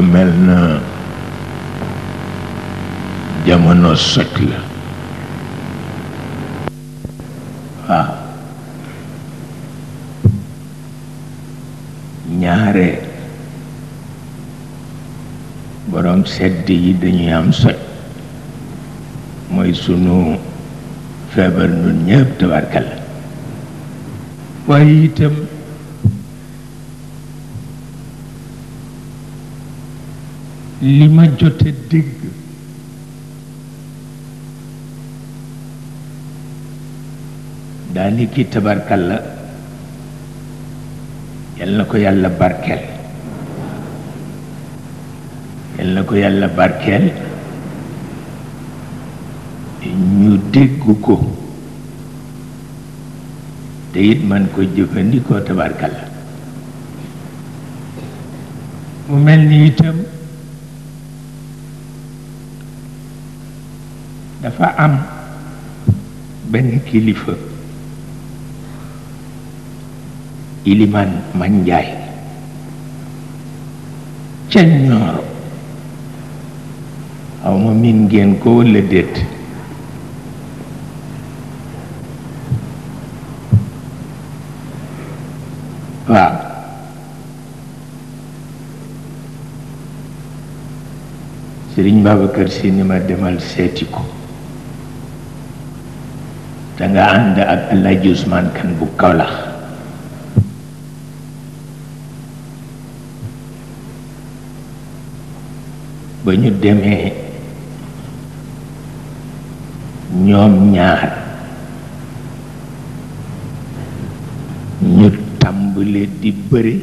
dafa mel na jamono soj la waaw ah. ñaare borom sedd yi dañuy am soj mooy sunu feebar nun ñëpp tabarkal waaye itam li ma jote dégg daa ni kii tabarkal la yal na ko yàlla barkeel yal na ko yàlla barkeel ñu dégg ko te it man ko jëfandikoo tabarkal la mu mel ni itam dafa am benn kilifa iliman man njaay ca ñooro xaw ma min ngeen ko walla déet waaw sëriñ Babacar Si ni ma demal seeti ko Tangga anda Allah Yusman kan bukalah Banyu deme Ñoom ñaar Ñu diberi.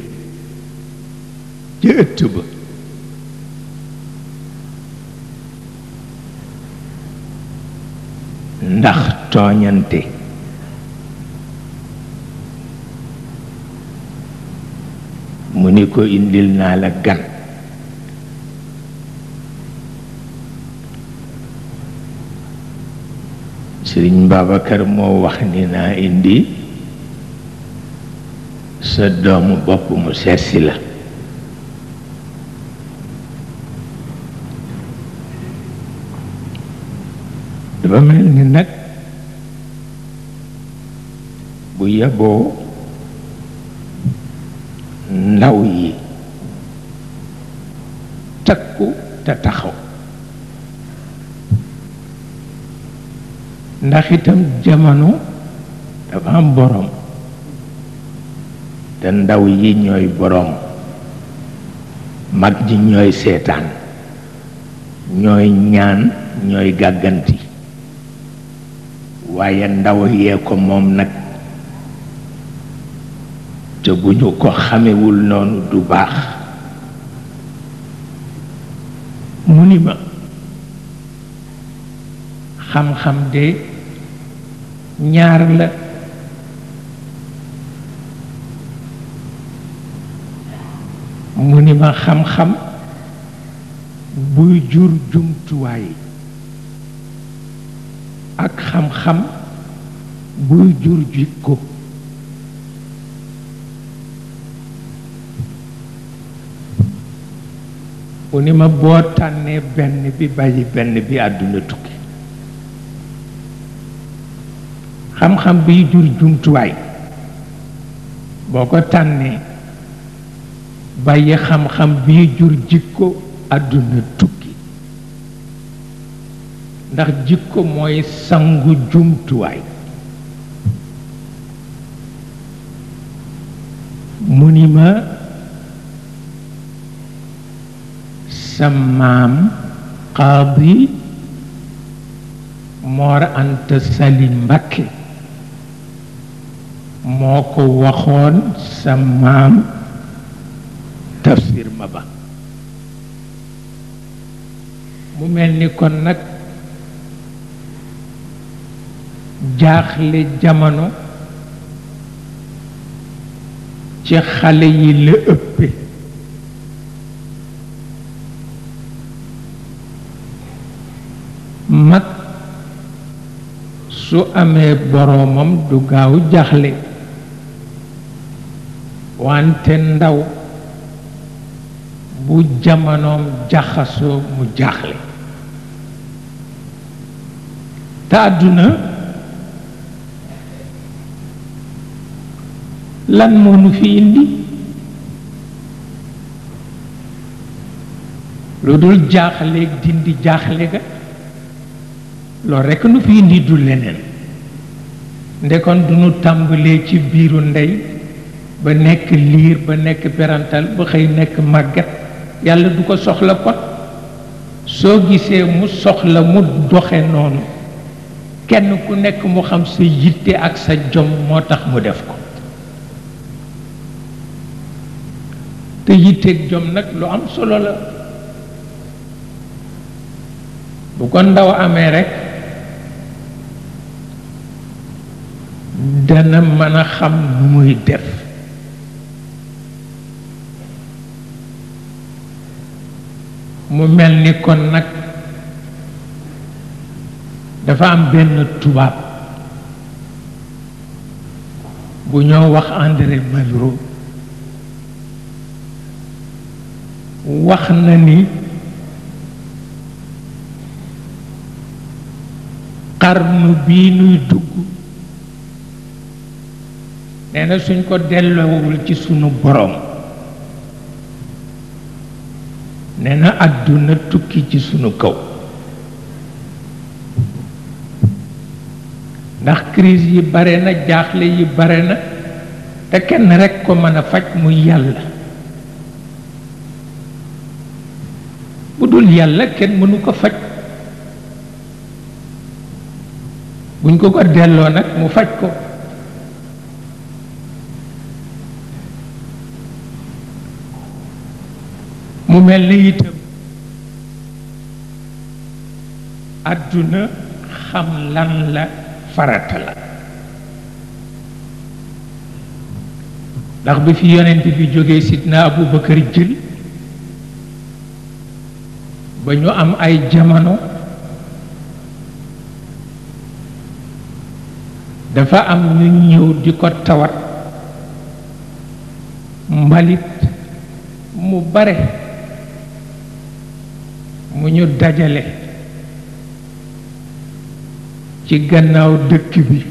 di bëri padha nyentik mu indil naa sering bawa Sëriñ Babacar moo indi sa doomu bopp mu seesi la yaboo ndaw yi takku te taxaw ndaxitam itam jamono dafa am borom te ndaw yi ñooy borom mag ji ñooy seetaan ñooy ñaan ñooy gàgganti waaye ndaw yee ko moom nag te bu ñu ko xamewul noonu du baax mu ni ma xam-xam de ñaar la mu ni ma xam-xam buy jur jumtuwaay ak xam-xam buy jur jikko mu ni ma boo tànnee benn bi bàyyi benn bi àdduna tukki xam-xam biy jur jumtuwaay boo ko tànnee bàyyi xam-xam biy jur jikko àdduna tukki ndax jikko mooy sangu jumtuwaay sa maam qaadi Moor Anta Sali moo ko waxoon sa maam tafsir ma ba mu mel ni ko nag jaaxle jamono ci xale yi la ëpp su amee boroomam du gaaw jaxle wante ndaw bu jamonoom jaxasoo mu jaxle te lan moo fi indi lu dul jaaxle dindi jaaxle ga loolu rekk nu fi indi du leneen ndekon du nu tàmbalee ci biiru ndey ba nekk liir ba nekk perantal ba xëy nekk màggat yàlla du ko soxla pot soo gisee mu soxla mu doxe noonu kenn ku nekk mu xam sa yitte ak sa jom moo tax mu def ko te yitteeg jom nag lu am solo la bu kon ndaw amee rekk dana mën a xam nu muy def mu mel ni kon nag dafa am benn tubaab bu ñoo wax André wax na ni xarnu bii nuy dugg nee na suñ ko delloowul ci sunu borom ne na àdduna tukki ci sunu kaw ndax crise yi bare na jaaxle yi bare na te kenn rekk ko mën a faj muy yàlla bu dul yàlla kenn mënu ko faj buñ ko ko delloo nag mu faj ko mu mel ni itam àdduna xam lan la farata la ndax bi fi yonent bi jógee sidna Abu Bakar jël ba ñu am ay jamono dafa am ñu ñëw di ko tawat mbalit mu bare bu ñu dajale ci gannaaw dëkk bi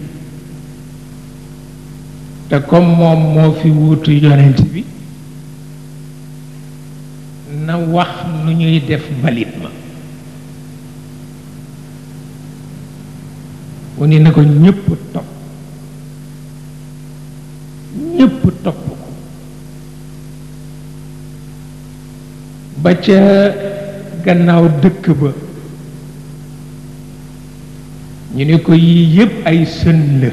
te comme moom moo fi wuutu yonent bi na wax nu ñuy def mbalit ma mu na ko ñépp topp ñépp topp ko ba ca gannaaw dëkk ba ñu ne ko yii yépp ay sën la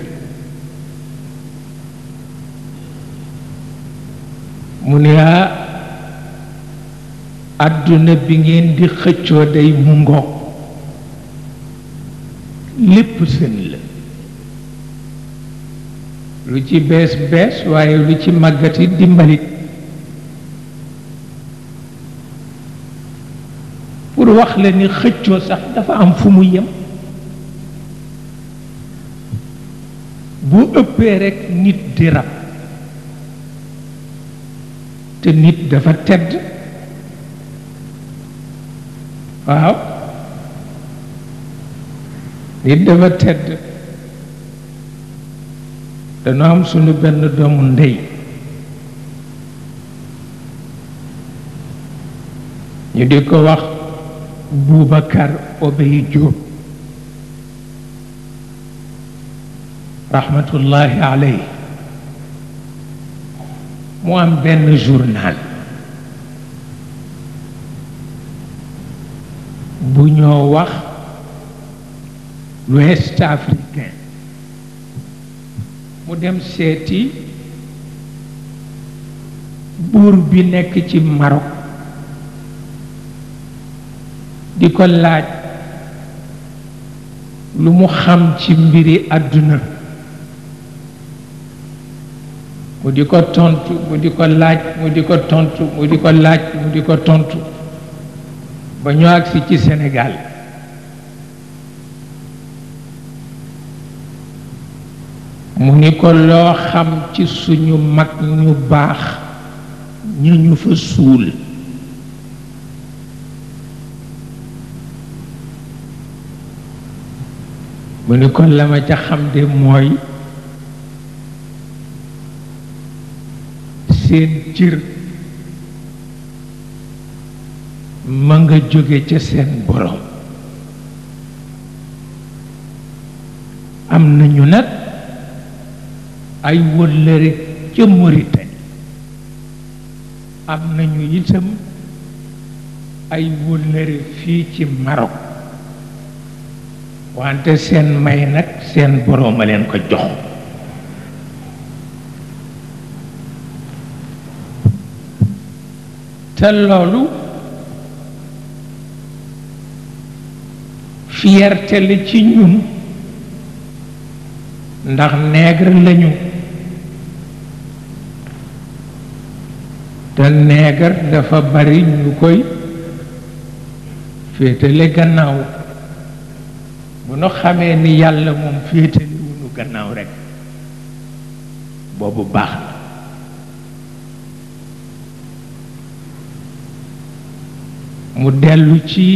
mu ne aa ah, àdduna bi ngeen di xëccoo day mu ngoog lépp sën la lu ci bees bees waaye lu ci màggat it wax la ni xëccoo sax dafa am fu mu yem bu ëppee rekk nit di rab te nit dafa tedd waaw nit dafa tedd dañoo am suñu benn doomu ndey ñu di ko wax Boubacar Obey Diop rahmatullahi mu am benn journal bu ñoo wax l'Ouest africain mu dem seeti buur bi nekk ci Maroc di ko laaj lu mu xam ci mbiri àdduna mu di ko tontu mu di ko laaj mu di ko tontu mu di ko laaj mu di ko tontu ba ñu agsi ci senegaal mu ni ko loo xam ci suñu mag ñu baax ñu ñu fa suul mu ni kon lama ma ca xam de mooy seen cir ma nga jóge ca seen borom am nañu nag ay wëllëre ca Mauritanie am nañu itam ay wëllëre fii ci Maroc wante seen may nag seen borom a leen ko jox te loolu fierté la ci ñun ndax nègre lañu te nègre dafa bari ñu koy féetale gannaaw bu nu xamee ni yàlla moom féete liwunu gannaaw rek boobu baax na mu dellu ci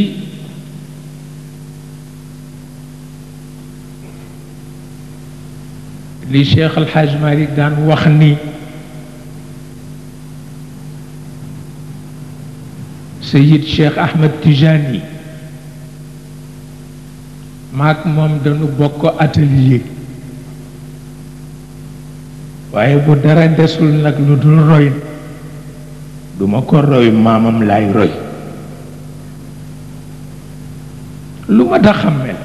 li Cheikh Al Hadj Malick daan wax ni Seyid Cheikh Ahmed Tijani maak moom dañu bokk atelier waaye bu dara desul nag lu dul roy duma ko roy maamam laay roy lu ma da xammel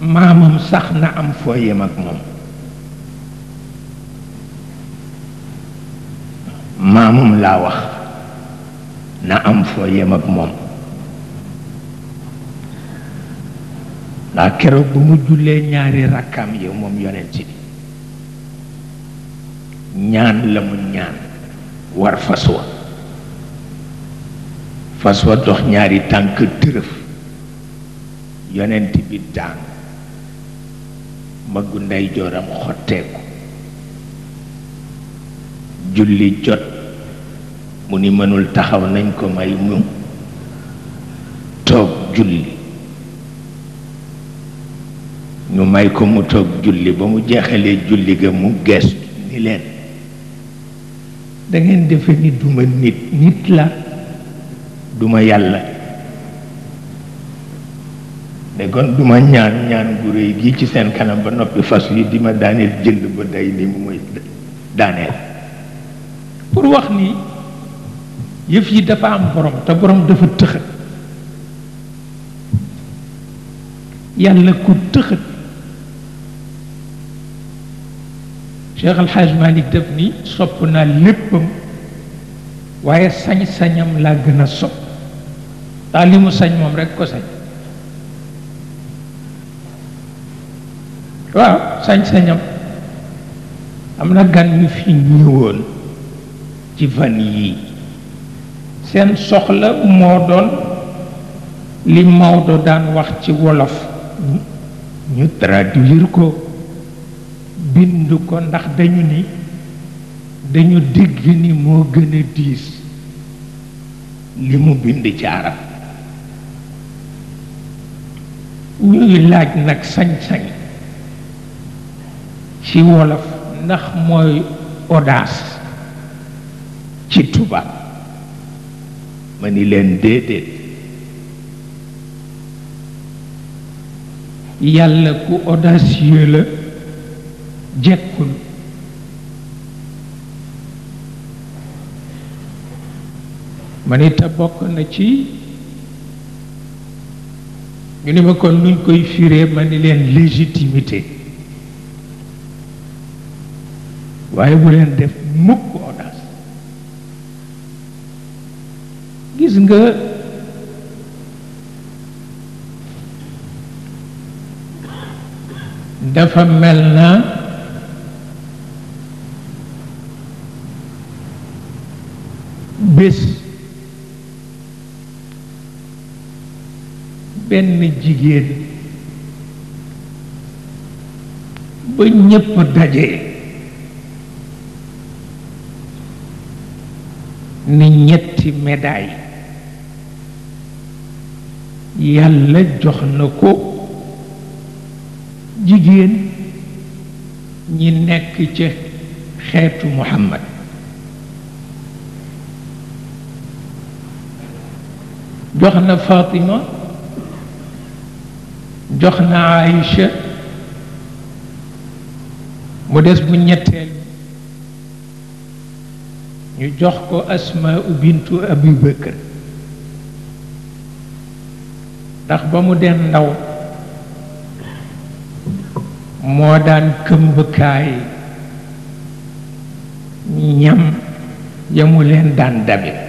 maamam sax na am foo yem ak moom maamam laa wax na am foo yem ak moom ndax keroog bu mu jullee ñaari rakam yow ya, mom yonent ya, bi ñaan la mu ñaan war faswa faswa dox ñaari tànk tërëf yonent ya, bi daan magu ndey jooram xotteeku julli jot mu ni mënul taxaw nañ ko may mu julli ñu may ko mu toog julli ba mu jeexalee julli ga mu gestu ni leen da ngeen defe ni duma nit nit la duma yàlla ne kon duma ñaan ñaan gu réy gi ci seen kanam ba noppi fas yi di ma daaneel jënd ba day ni mu muy daaneel pour wax ni yëf yi dafa am borom te borom dafa tëxat yàlla ku tëxat Cheikh Al Hadj Malick def ni sopp naa léppam waaye sañ-sañam laa gën a sopp ndax li mu sañ moom rek ko sañ waaw sañ-sañam am na gan yu fi ñëwoon ci van yii seen soxla moo doon li Maodo daan wax ci wolof ñu traduire ko bind ko ndax dañu ni dañu digg ni moo gën a diis li mu bind ci arab ñuy laaj nag sañ-sañ ci wolof ndax mooy odaas ci tubaab ma ni leen déedéet yàlla ku audacieux la jekkul man itam bokk na ci ñu ni ma kon nuñ koy fiire ma ni leen légitimité waaye bu leen def mukk audace gis nga dafa mel na benn jigéen ba ñépp daje ni ñetti médaille yàlla jox na ko jigéen ñi nekk ci xeetu Muhammad jox na Fatima jox na Aïcha mu des bu ñetteel ñu jox ko Asma bintu Abi ndax ba mu den ndaw moo daan këmbkaay ñam yamu leen daan dabe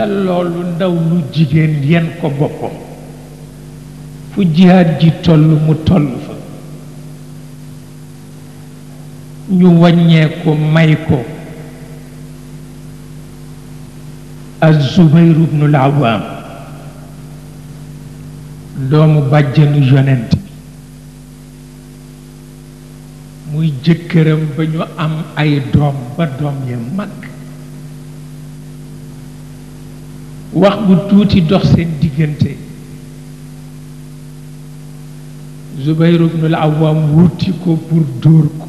te loolu ndaw lu jigéen yenn ko boppam fu jihaat ji toll mu toll fa ñu wàññee ko may ko az-Zubayr ibn doomu bàjjanu yonent muy jëkkëram ba ñu am ay doom ba doom ya mag wax bu tuuti dox seen diggante Zubayr ibn al-Awwam wuti ko pour dóor ko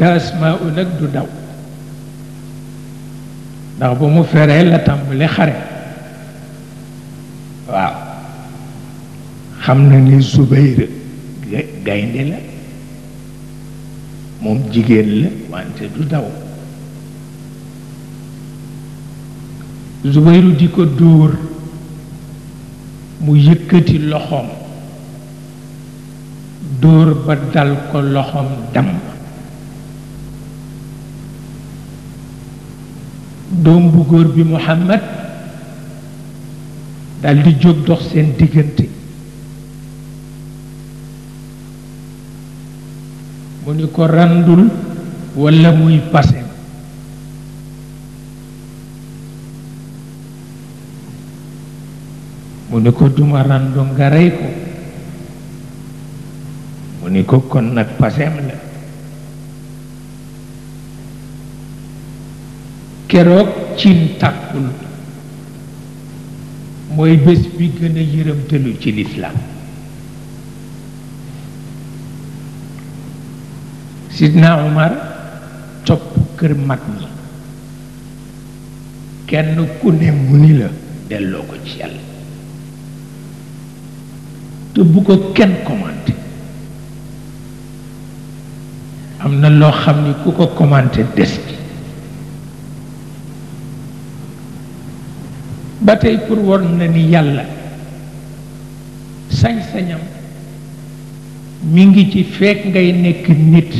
te Asmaa nag du daw ndax ba mu feree la tàmbali xare waaw xam na ni Zubayr gaynde la moom jigéen la wante du daw Zubayru di ko dóor mu yëkkati loxoom dóor ba dal ko loxoom damm doom bu góor bi Muhammad dal di jóg dox seen diggante mu ni ko randul walla muy pase mu ni ko duma randu nga rey ko mu ni ko kon nag paseem la keroog cin tàkkul mooy bés bi gën a yërëmtalu ci lislaam sidna Umar topp kër mag ñi kenn ku ne mu ni la delloo ko ci yàlla te bu ko kenn commenté am na loo xam ni ku ko commenté des bi ba tey pour war na ni yàlla sañ-sañam mi ngi ci fekk ngay nekk nit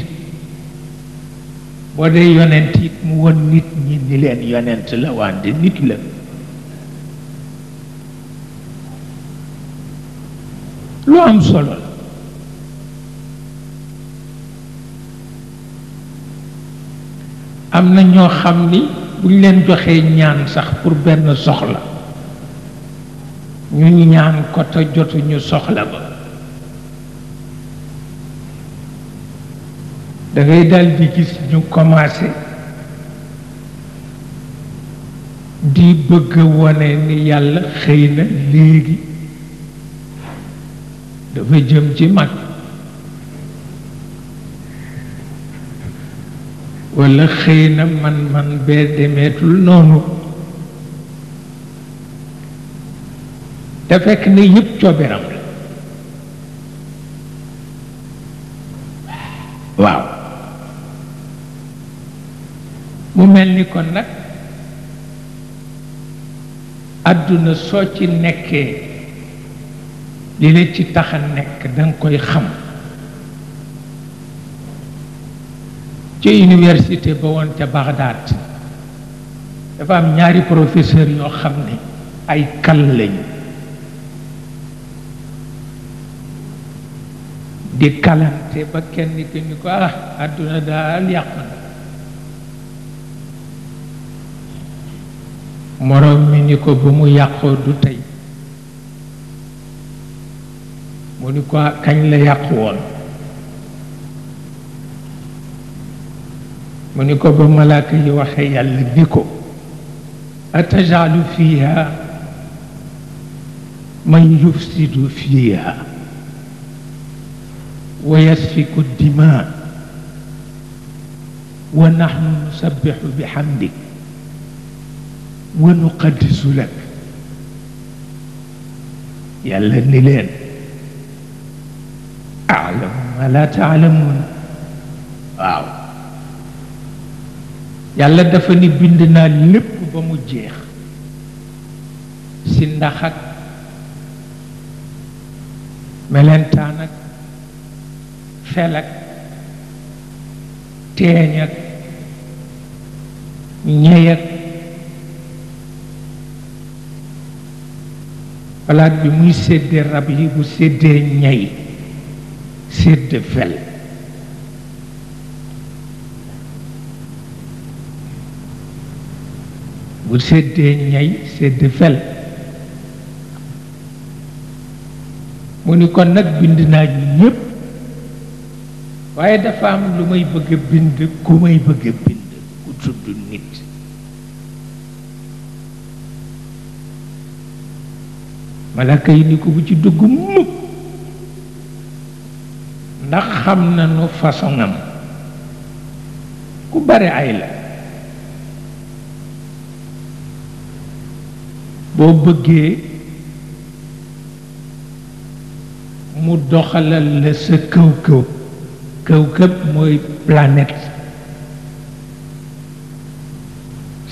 boo dee yonent it mu won nit ñi ni leen yonent la wante nit la لو هم صلوا امنا ньо خامني بول لين جوخي نيان صاح بور بن سخلا ني ني نيان كوتو جوتو ني سخلا با دا غاي دال دي كيس ني كوماسي دي بغ وني ني يالا خينا ليغي dafa jëm ci mag walla xëy na man-man bee demeetul noonu te fekk na yëpp cooberam la waaw mu mel ni ko nag àdduna soo ci nekkee li la ci tax a nekk danga koy xam ci université ba woon ca Bagdad dafa am ñaari professeur yoo xam ne ay kal lañu di kalante ba kenn ki ni ko ah àdduna daal yàq na moroom mi ni ko ba mu yàqoo du tey mu ko kagn la yàqu won mu ko ba malaaka yi waxe yàlla biko atajalu fiha man yufsidu fiha wa yasfiku dima wa nahnu nusabbihu bihamdik wa nuqaddisu lak yàlla ni leen aalamu ma laa taalamuun waaw yàlla dafa ni bind naa lépp ba mu jeex si ndax ak melentaan ak fel ak teeñ ak ñey ak palaat bi muy séddee rab yi bu séddee ñey sédd fen bu séddee ñay sédd fel mu ni kon nag bind naa ñépp waaye dafa am lu may bëgg a bind ku may bëgg bind ku tudd nit malaka yi ni ko bu ci dugg mukk ndax xam na nu façonam ku bare ay la boo bëggee mu doxalal la sa këw këw këw këw mooy planète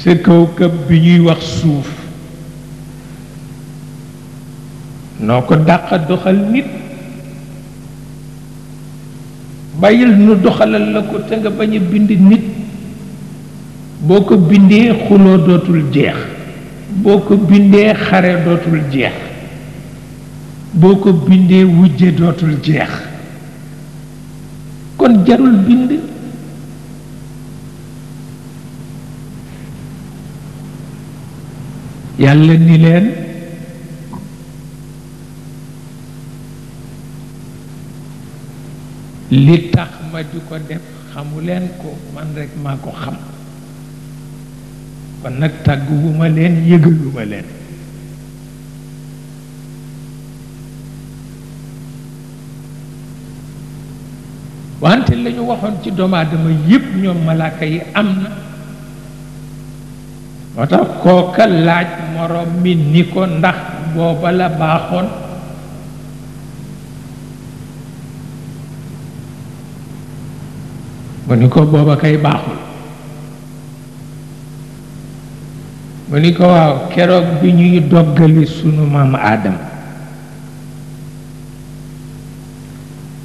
sa këw këw bi ñuy wax suuf noo ko dàq doxal nit bàyyil nu doxalal la ko te nga bañ a bind nit boo ko bindee xuloo dootul jeex boo ko bindee xare dootul jeex boo ko bindee wujje dootul jeex kon jarul bind yàlla ni leen li tax ma di ko def xamuleen ko man rek maa ko xam kon nag tàgguwuma leen yëgaluma leen wante lañu waxoon ci doomu aadama yépp ñoom malaaka yi am na moo tax kooka laaj moroom mi ni ko ndax booba la baaxoon mu ni ko boba kay baxul mu ni ko waw keroog bi ñuy doggali sunu mam adam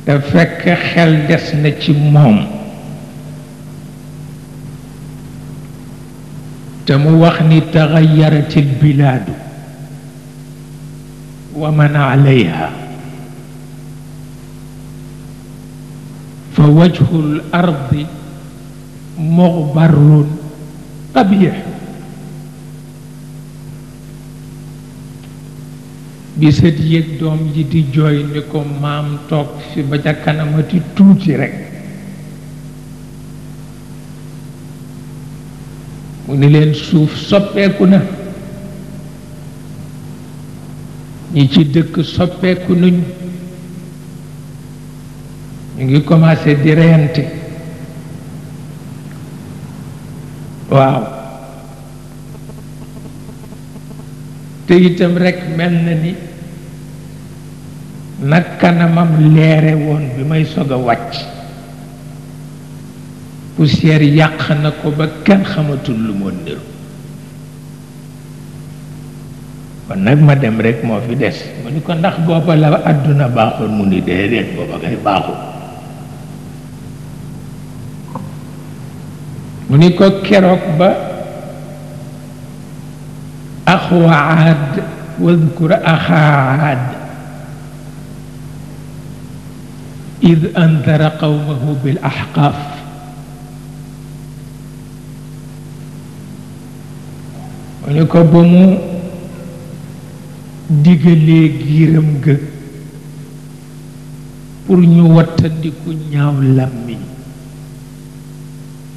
da fekk xel des na ci mom te mu wax ni taxayarat bilad wa man alayha fa wajhul ardi muxbarun qabix bi sët yëg doom ji di jooy ni ko maam toog fi ba ca kanamati tuuti rekk mu ni leen suuf soppeeku na ñi ci dëkk soppeeku nuñ ñu ngi commencé di reyante waaw te itam rekk mel na ni nag kanamam leere woon bi may sog a wàcc poussière yàq na ko ba kenn xamatul lu moo niru kon nag ma dem rekk moo fi des mu ni ko ndax booba la àdduna baaxul mu ni déedéet booba kay baaxul مني كوكي ركبة أخو عاد واذكر أخا عاد إذ أنذر قومه بالأحقاف ولكو بمو ديغلي غيرم غ pour ñu wattandiku ñaaw lammi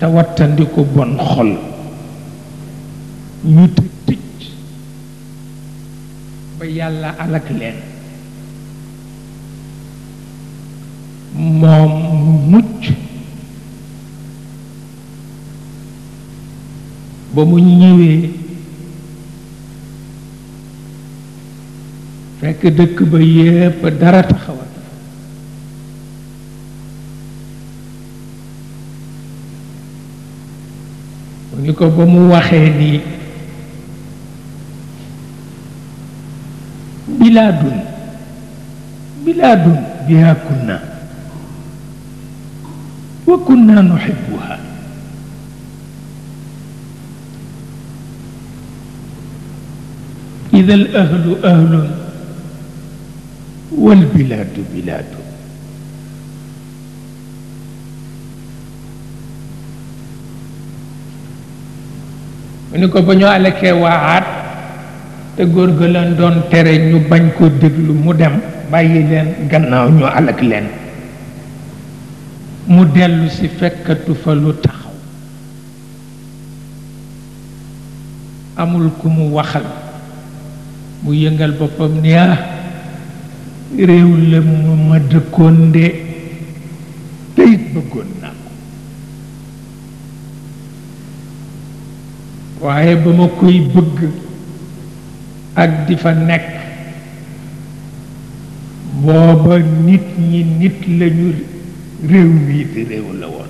te wattandi ko bon xol ñu tëj tëj ba yàlla alak leen moom mu mucc ba mu ñëwee fekk dëkk ba yépp dara taxawal ni ko ba mu waxee ni biladun biladun biha kunna wa kunna nuhibbuha إذا الأهل أهل والبلاد بلاد mu ne ko ba ñu alakee waaxaat te góor ga leen doon tere ñu bañ ko déglu mu dem bàyyi leen gannaaw ñu alak leen mu dellu si fekkatu fa lu taxaw amul ku mu waxal mu yëngal boppam ni ah réew la mu ma dëkkoon de te it bëggoon na waaye ba ma koy bëgg ak di fa nekk booba nit ñi nit lañu réew mii di réew la woon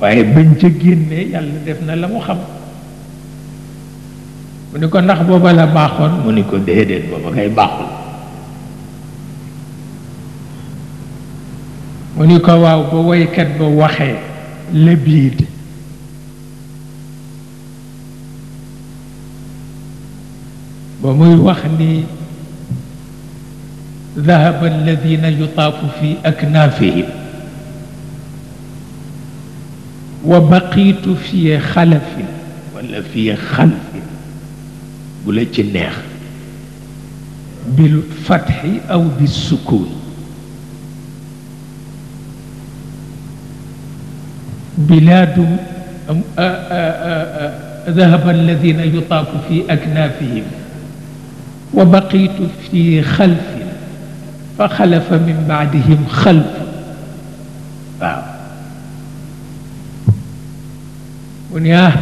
waaye bañ ca génnee yàlla def na la mu xam mu ni ko ndax booba la baaxoon mu ni ko déedéet booba kay baaxul mu ni ko waaw ba ba waxee ba muy wax ni ذهب الذين يطاف في أكنافهم وبقيت في خلف ولا في خلف بلا جناخ بالفتح أو بالسكون بلاد ذهب الذين يطاف في أكنافهم وبقيت في خلف فخلف من بعدهم خلف ونياه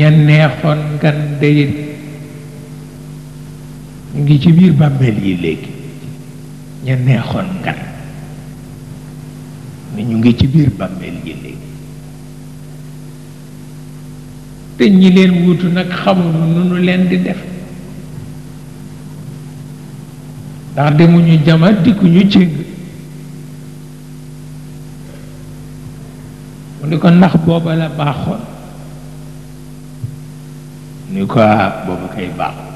ñanéxon gan day ngi ci biir bàmmeel yi léegi ne ñu ngi ci biir bàmmeel yi léegi te ñi leen wuutu nag xamuñu nu nu leen di def ndax demuñu jamaat dikkuñu cëng mu ni ko ndax booba la baaxoon ni ko ah, booba kay baaxoon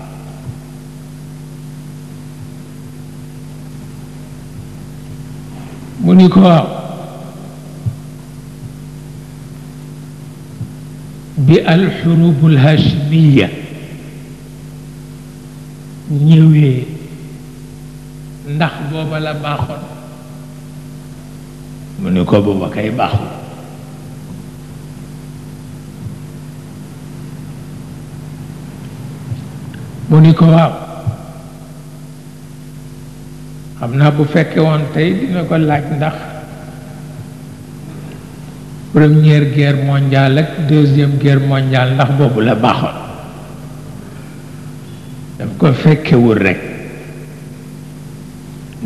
mu ni ko بالحروب الهاشمية ñëwee ndax booba la baaxoon mu ni ko booba kay baaxul mu ni ko waaw xam naa bu fekke woon tey dina ko laaj ndax première guerre mondiale ak deuxième guerre mondiale ndax boobu la baaxoon daf ko fekkewul rek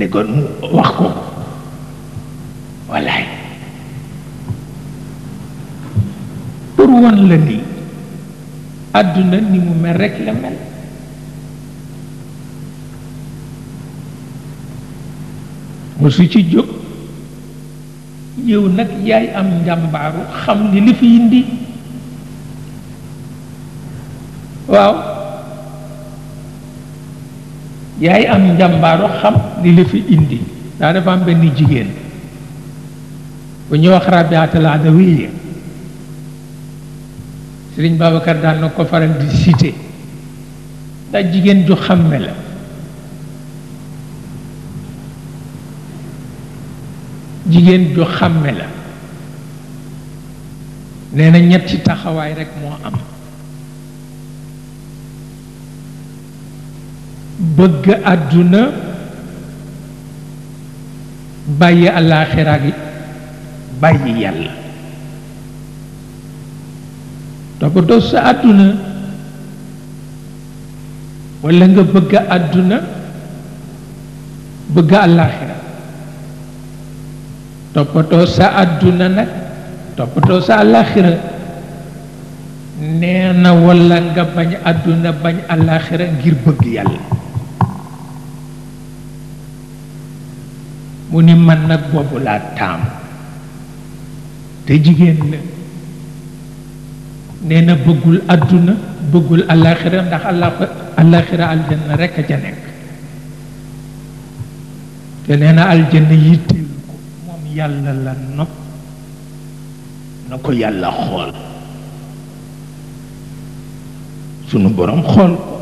ne kon mu wax ko wallaay pour won la ni àdduna ni mu mel rek la mel mosu ci jóg yow nag yaay am njàmbaaru xam li li fi indi waaw yaay am njàmbaaru xam li li fi indi daa dafa am jigéen bu ñuy wax Rabiatul Adawiya Sëriñ Babacar daan na ko faral di cité ndax jigéen ju xàmme la jigéen ju xàmme la nee na ñetti taxawaay rekk moo am bëgg àdduna bàyyi àllaaxira gi bàyyi yàlla toppatoo sa àdduna walla nga bëgg àdduna bëgg àllaaxira toppatoo sa aduna nak toppatoo sa alaxira nee na wala nga bañ àdduna bañ alaxira ngir bëgg yàlla mu man nag boobu laa taam te jigéen la nee na bëggul àdduna bëggul alaxira ndax alaxira aljanna rek a ca te nee aljanna yàlla la nopp na ko yàlla xool sunu boroom xool ko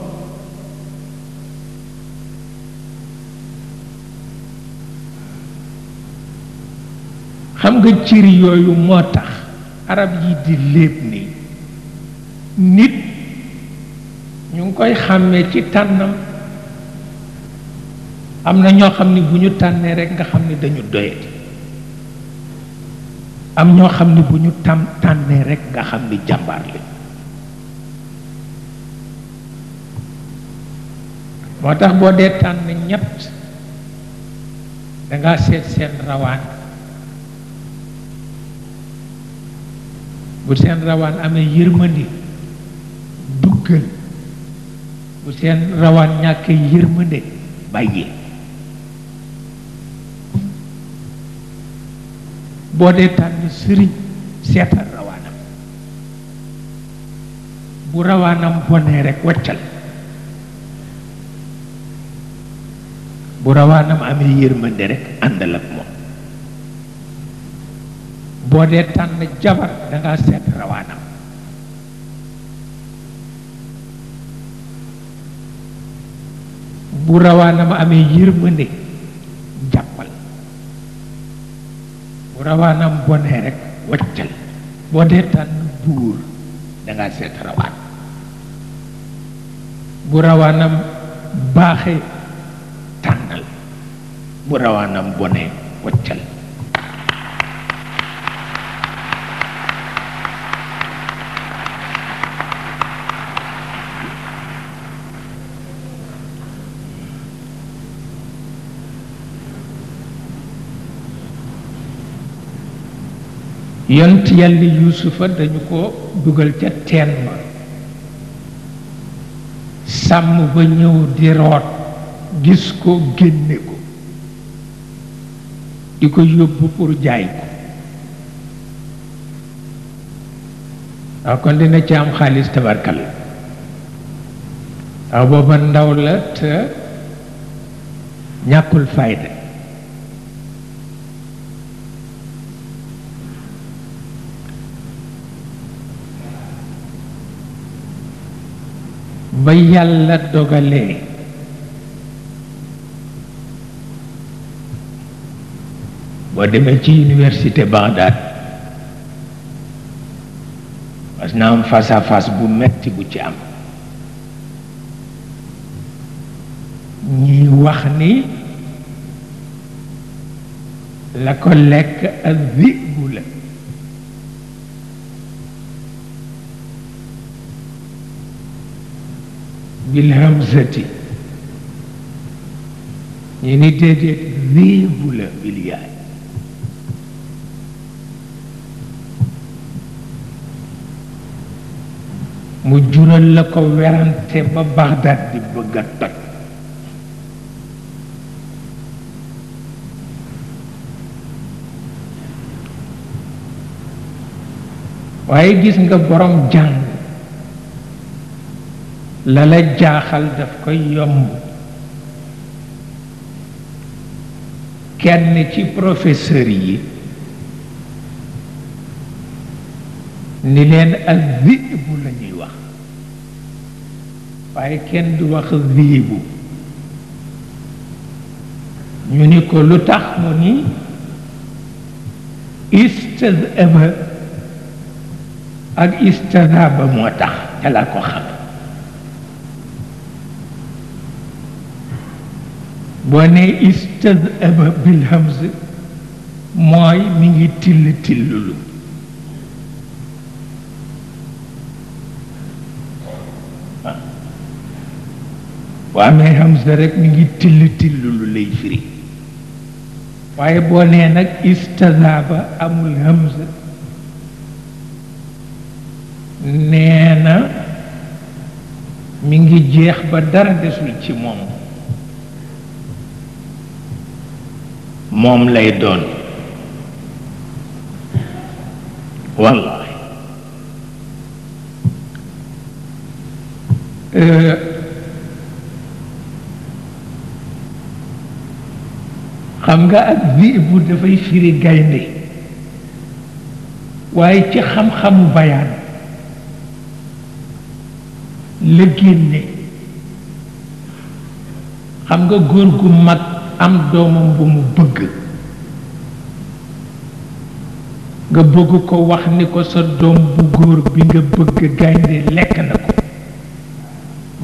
xam nga cir yooyu moo tax arab yi di léeb ni nit ñu ngi koy xàmmee ci tànnam am na ñoo xam ni bu ñu tànnee rekk nga xam ni dañu doyati am ñoo xam ne bu ñu tam tànnee rek nga xam ni jàmbaar li moo tax boo dee tànn ñett da ngaa seet seen rawaan bu seen rawaan amee yërmandi duggal bu seen rawaan ñàkkee yërmande boo dee tànn sëriñ seetal rawaanam bu rawaanam bonee rek waccal bu rawaanam amee yërmande rek àndal moom boo dee tànn jabar danga seet rawaanam bu rawaanam amee yërmande jàppal bu rawaanam bonee rek waccal boo dee tànn buur danga seet rawaan bu rawaanam baaxee tànnal bu rawaanam bonee waccal yont yàlla yuusufa dañu ko dugal ca teen ba sàmm ba ñëw di root gis ko génne ko di ko yóbbu pour jaay ko waaw kon dina ci am xaalis tabarkal waaw booba ndaw la te ñàkkul fayda ba yàlla dogalee boo demee ci université Bagdad parce na am face bu metti bu ci am ñuy wax ni la ko lekk ak bi bu la bilhamzati ñu ni déedéet ziibu la bil mu jural la ko werante ba Bagdad di bëgg a waaye gis nga borom jàng la la jaaxal daf ko yomb kenn ci professeur yi ni leen ak ziibu la ñuy wax waaye kenn du wax ziibu ñu ni ko lu tax mu ni istadaba ak istadaba moo tax te la ko xam boo ne istadaba bil hamz mooy mi ngi till tillulu boo amee hamza rek mi ngi till tillulu lay firi waaye boo nee nag istadaba amul hamza nee na mi ngi jeex ba dara desul ci moom moom lay doon wallahi eh, xam nga ak ziibu dafay firi gaynde waaye ci xam-xamu bayaan la génne xam nga góor gu mag am doomam bu mu bëgg nga bëgg ko wax ni ko sa doom bu góor bi nga bëgg gaynde lekk na ko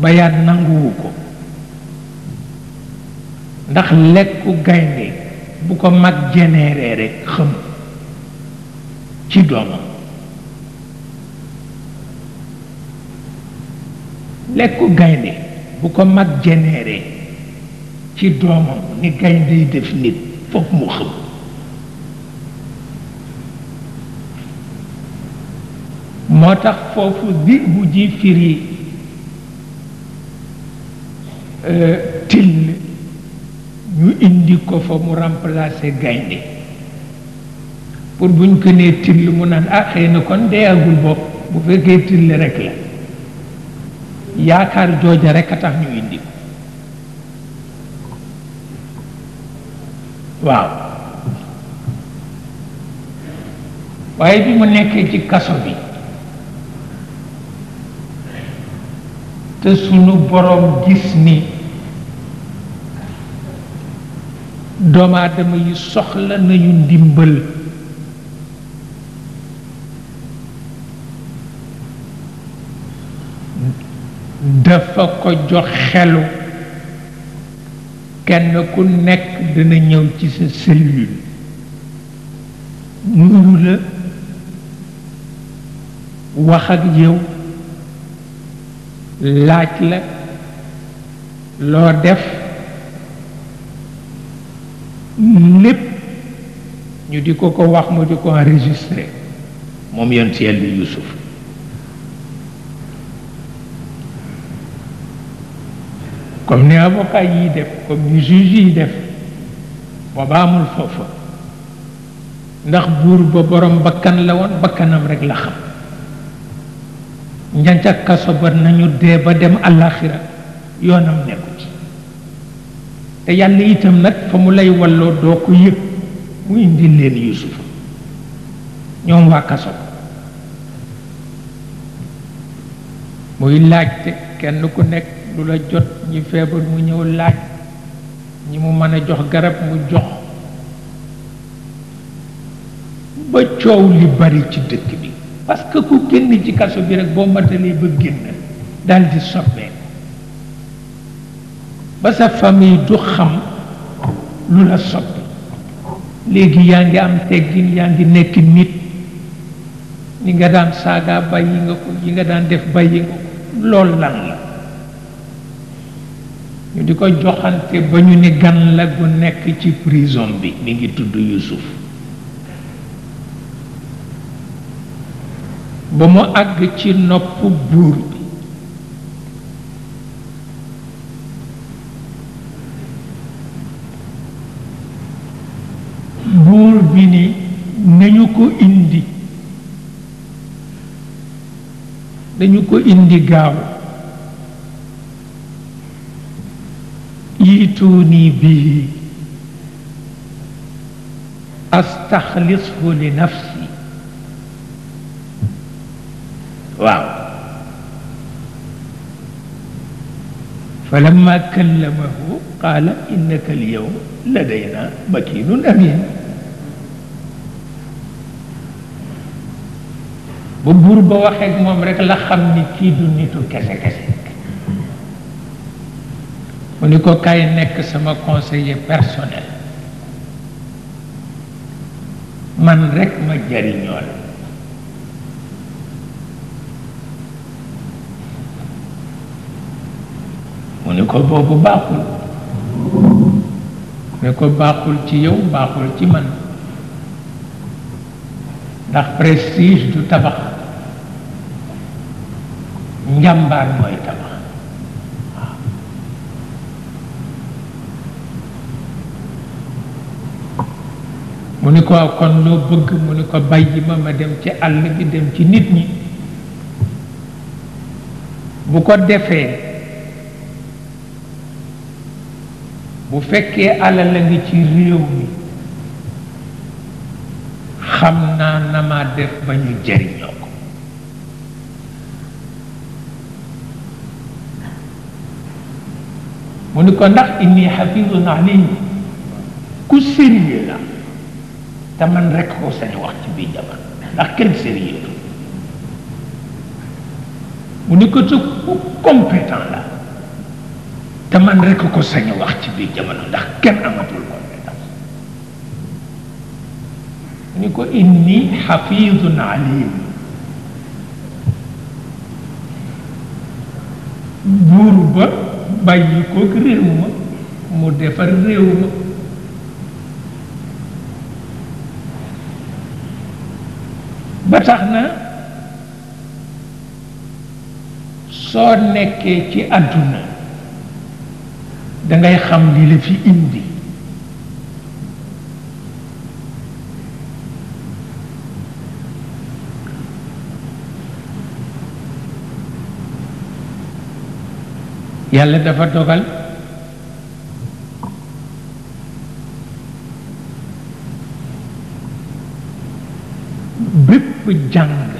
bayaat nanguwu ko ndax lekku gaynde bu ko mag jeneeree rek xam ci doomam lekku gaynde bu ko mag jeneeree ci doomam ni gaynde yi def nit foog mu xam moo tax foofu bi bu ji firi euh, till ñu indi ko fa mu remplacer gaynde pour buñ ko nee till mu naan ah xëy na kon deyagul bopp bu fekkee till rek la yaakaar jooja rek a tax ñu indi ko waaw waaye bi mu nekkee ci kaso bi te sunu boroom gis ni doomu aadama yi soxla nañu ndimbal dafa ko jox xelu kenn ku nekk dina ñëw ci sa cellule nuyu la wax ak yow laaj la loo def lépp ñu di ko ko wax mu di ko enregistré moom yoon ci Yàlla Yuusuf comme ni avocat yi def comme ni juge yi def booba amul foofa ndax buur ba borom bakkan la woon bakkanam rek la xam ñanca kaso ba nañu dee ba dem alaxira yoonam nekku ci te yàlla itam nag fa mu lay walloo doo ko yëg mu indi leen yusuf ñoom waa kaso muy laajte kenn ku nekk lu la jot ñi feebar mu ñëw laaj ñi mu mën a jox garab mu jox ba coow li bari ci dëkk bi parce que ku génn ci kaso bi rek boo matalee ba génn daal di soppee ba sa famille du xam lu la soppi léegi yaa ngi am teggin yaa ngi nekk nit ni nga daan saaga bàyyi nga ko yi nga daan def bàyyi nga ko lool lan la ñu di ko joxante ba ñu ni gan la gu nekk ci prison bi mi ngi tudd Yusuf ba mu àgg ci nopp buur buur bi ni nañu ko indi dañu ko indi gaaw جئتوني به أستخلصه لنفسي واو فلما كلمه قال إنك اليوم لدينا مكين أمين bu buur ba waxee لا rek la xam ni mu ne ko kay nekk sama conseiller personnel man rek ma jariñoo mu ni ko ci yow ci man ndax prestige du tabax njàmbaar mooy tabax mu ni ko kon loo bëgg mu ni ko bàyyi ma ma dem ci àll bi dem ci nit ñi bu ko defee bu fekkee alal la ngi ci réew mi xam naa na ma def ba ñu jëriñoo ko mu ni ko ndax inni xafidun alim ku sérieux la te man rek sañ wax ci biir jabar ndax kenn sérieux ni ko te ku compétent la te rekk ko sañ wax ci biir jamono ndax kenn amatul compétence mu ni ko inni xafidun alim buur ba bàyyi ko réew ma mu defar réew ma ba tax na soo nekkee ci àdduna dangay xam li la fi indi yàlla dafa dogal ko jàng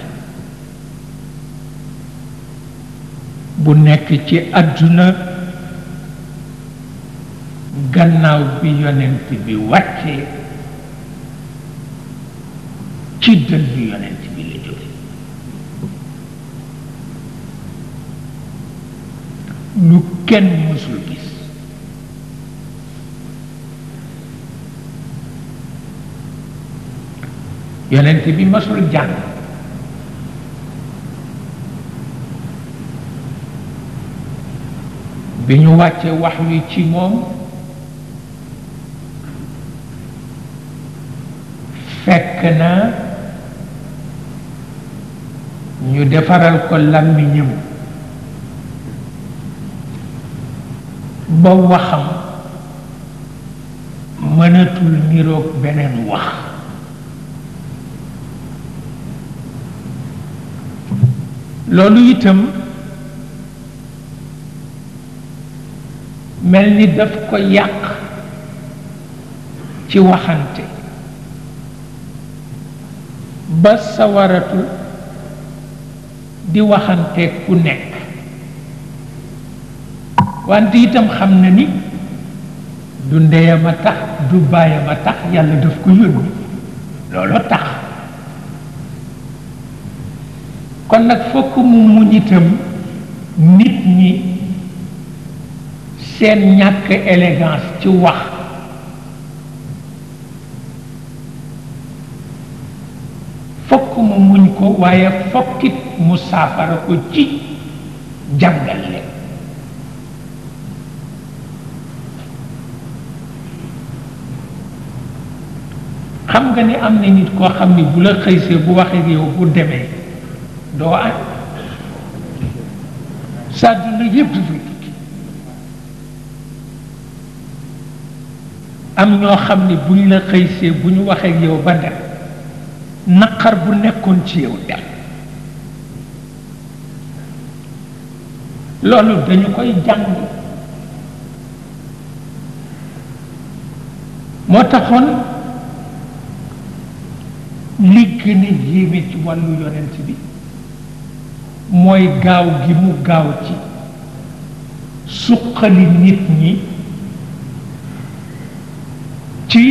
bu nekk ci àdduna gannaaw bi yonent bi wàccee ci dëll yonent bi la jóge kenn yonent bi masul jàng bi ñu wàccee wax wi ci moom fekk na ñu defaral ko làmmiñam ba waxam mënatul niroog beneen wax loolu itam mel ni daf ko yàq ci waxante ba sawaratu di waxante ku nekk wante itam xam na ni du ndeyam a tax du baayam a tax yàlla daf ko yónni looloo tax kon nag fokk mu muñ itam nit ñi seen ñàkk élégance ci wax fokk mu muñ ko waaye fokkit mu saafara ko ci jàngal xam nga ni am na nit koo xam ni bu la xëysee bu waxee yow bu demee doo añ sa dund yëpp dafay tukki am ñoo xam ni buñ la xëysee bu ñu waxee yow ba dem naqar bu nekkoon ci yow dem loolu dañu koy jàng moo taxoon li gën a yéeme ci wàllu yonent bi mooy gaaw gi mu gaaw ci suqali nit ñi ci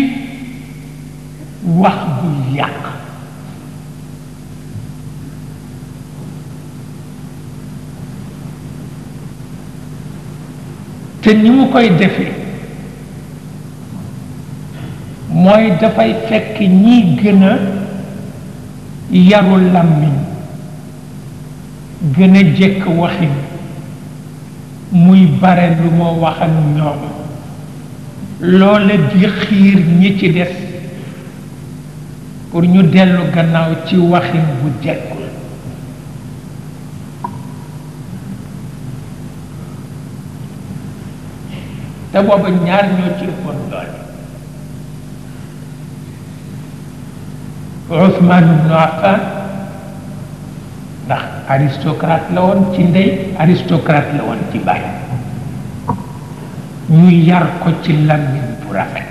wax bu yàq te ni mu koy defe mooy dafay fekk ñi gëna a yaru làmmiñ gën a jekk waxin muy bare lu ma wax ak loola di xiir ñi ci des pour ñu dellu gannaaw ci waxin bu jekkul te booba ñaar ñoo ci ëppoon doole Ousmane ibnu Affan aristocrate la woon ci ndey aristocrate la woon ci baay ñu yar ko ci làmmiñ bu rafet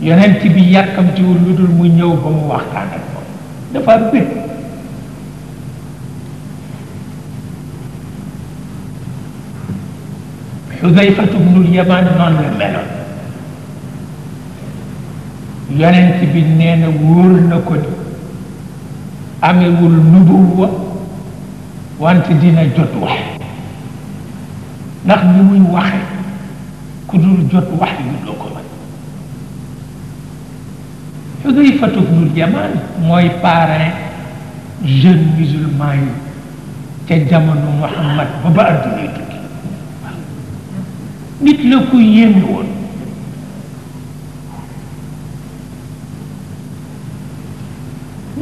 yonent bi yàkkamtiwul lu dul mu ñëw ba mu waxtaan ak dafa bët Xudayfatu bnul Yamaan noonu la meloon yonent bi nee wóor na ko amewul nubuwa wante dina jot wax ndax ni muy waxe ku dul jot wax yu do ko man xudayfatu bnul jamaan moy parrain jeune musulman yi ca jamono muhammad ba ba adduna tukki nit la ku yéeme won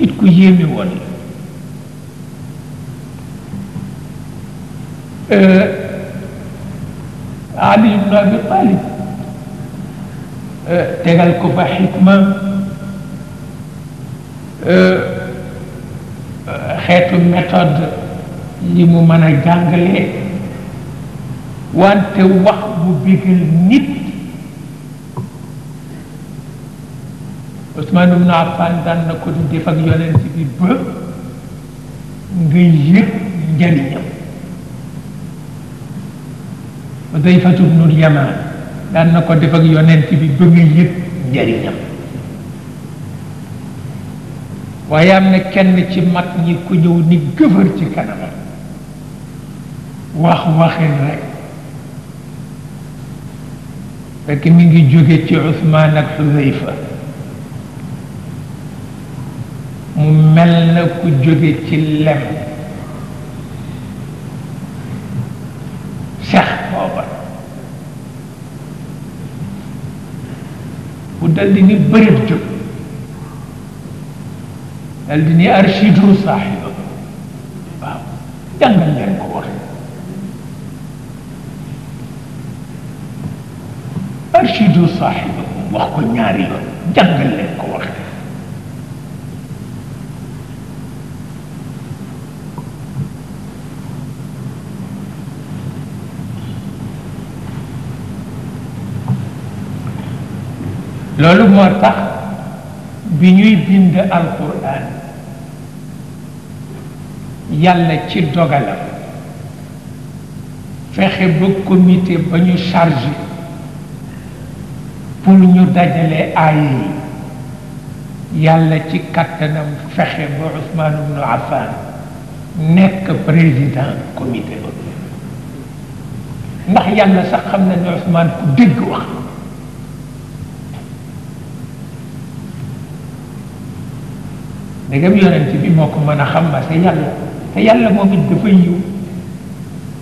nit ku yéeme woon la ali ibn abi talib tegal ko fa xikma xeetu méthode yi mu mën a jàngale wante wax bu bigal nit Ousmane ibn Affan daan ko di bi ba na kenn ci mag ñi ku ñëw ni gëfër ci kanamam wax waxin rek fekk mi ngi jóge ci Ousmane ak Hudayfa mu mel na ku jóge ci lem sex booba bu dal di ni bërëb jóg dal di ni archidu saaxiba waaw jàngal leen ko wax archidu saaxiba wax ko ñaari yoon jàngal leen loolu moo tax bi ñuy bind alquran yàlla ci dogalam fexe ba comité ba ñu chargé pour ñu dajale ay yàlla ci kattanam fexe ba Ousmane Ibn Affan nekk président comité ba ndax yàlla sax xam na ne Ousmane ku dégg wax ndegam yonent bi moo ko mën a xam ba sa yàlla te yàlla moom it dafa yiw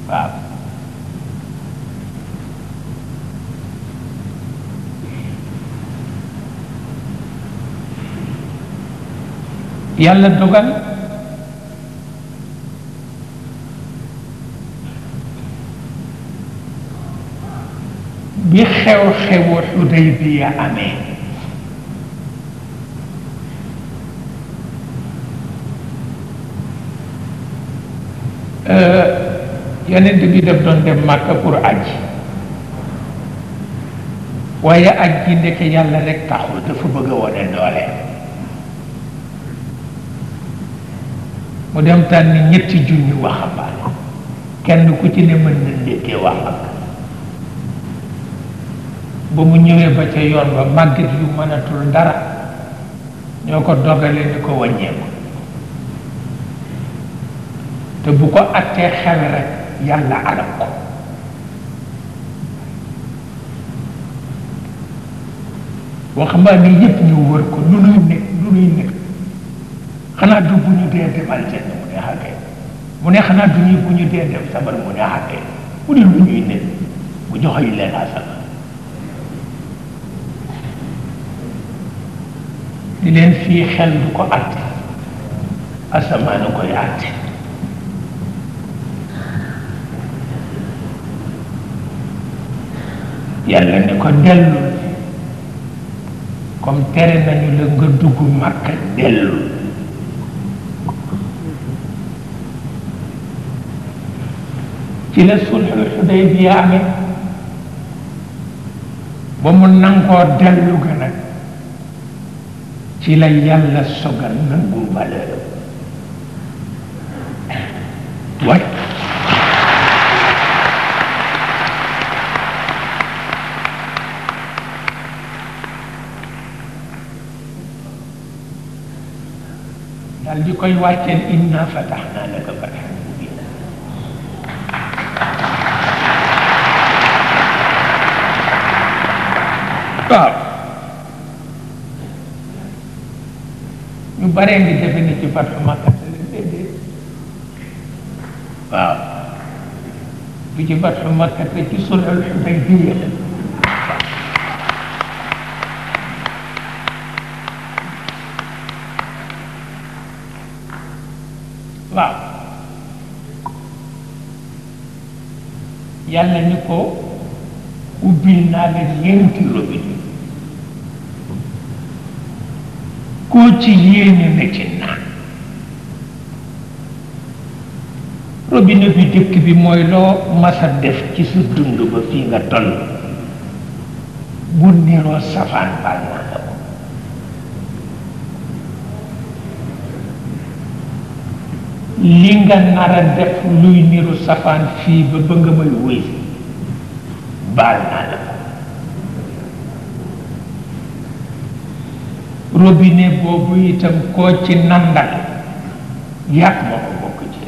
waaw yàlla dogal bi xew-xewu xudaybiya amee Euh, yonent bi def doon dem màkka pour ji waaye aj gi ndeke yàlla rekk taxul dafa bëgg a wane doole mu dem tànn ñetti junni waxambaane kenn ku ci ne mën na ndékkee waxam ba mu ñëwee ba ca yoon ba màgget yu mënatul dara ñoo ko dogalee ni ko wàññeeku te bu ko attee xel rek yàlla alam ko waxambaane yépp ñu wër ko lu nuy nekk lu nuy nekk xanaa du bu ñu dee demal jenn mu ne xàkkee mu ne xanaa du ñu bu ñu dee dem sabar mu ne xàkkee mu ne lu ñuy nekk mu joxoy leen asama di leen fii xel du ko atte asamaa na koy atte yàlla ne ko dellu comme tere nañu la nga dugg màkk dellu ci la sulxul xuday bi yaame ba mu nangoo dellu ga nag ci la yàlla sogal nangu valeur mu di koy wàcceel inna fatahnaa laka fathan mubiina waaw ñu baree ngi defe ni ci fathu Makka la leen déedéet waaw bi ci fathu Makka ci sulhul Hudaybiyya yàlla ni ko ubbil naa la ñeenti robinet koo ci yéene na ci naan robinet bi dëkk bi mooy loo masa def ci sa dund ba fii nga toll bu niroo safaan bal naan li nga nar def luy niru safaan fii ba ba nga may wëy baal naa la robinet boobu itam koo ci nandal yàq ma ko bokk ci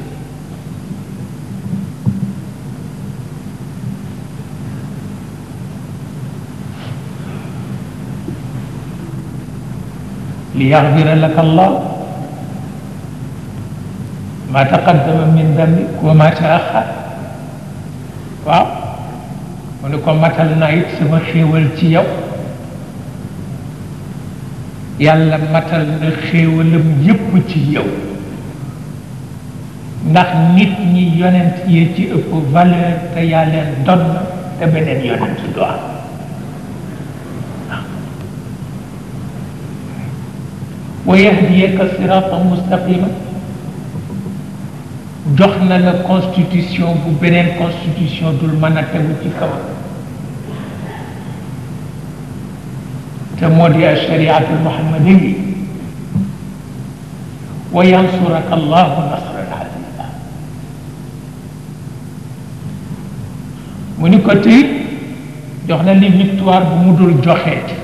li yaxbira laka allah ما تقدم من ذنبك وما تأخر وا ونكون مثل نايت سما خيول تيو يالا مثل خيول يب تيو ناخ نيت ني يوننت يتي اكو فالور تا يالا دون تا بنن يوننت دوا ويهديك صراطا مستقيما jox na la constitution bu beneen constitution dul mën a tegu ci kaw te moo di ashariatu lmuhammadiyi wa yansuraka allahu nasran azima mu ni ko tey jox na li victoire bu mu dul joxeeti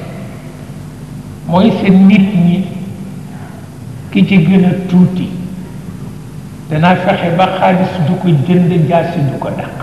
mooy seen nit ñi ki ci gën a tuuti dana fexe ba xaalis du ko jënd njaasi du ko dàq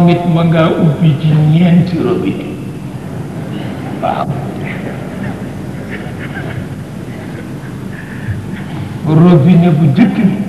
moom it ma ngaa ubbi ci ñeenti bu jëkk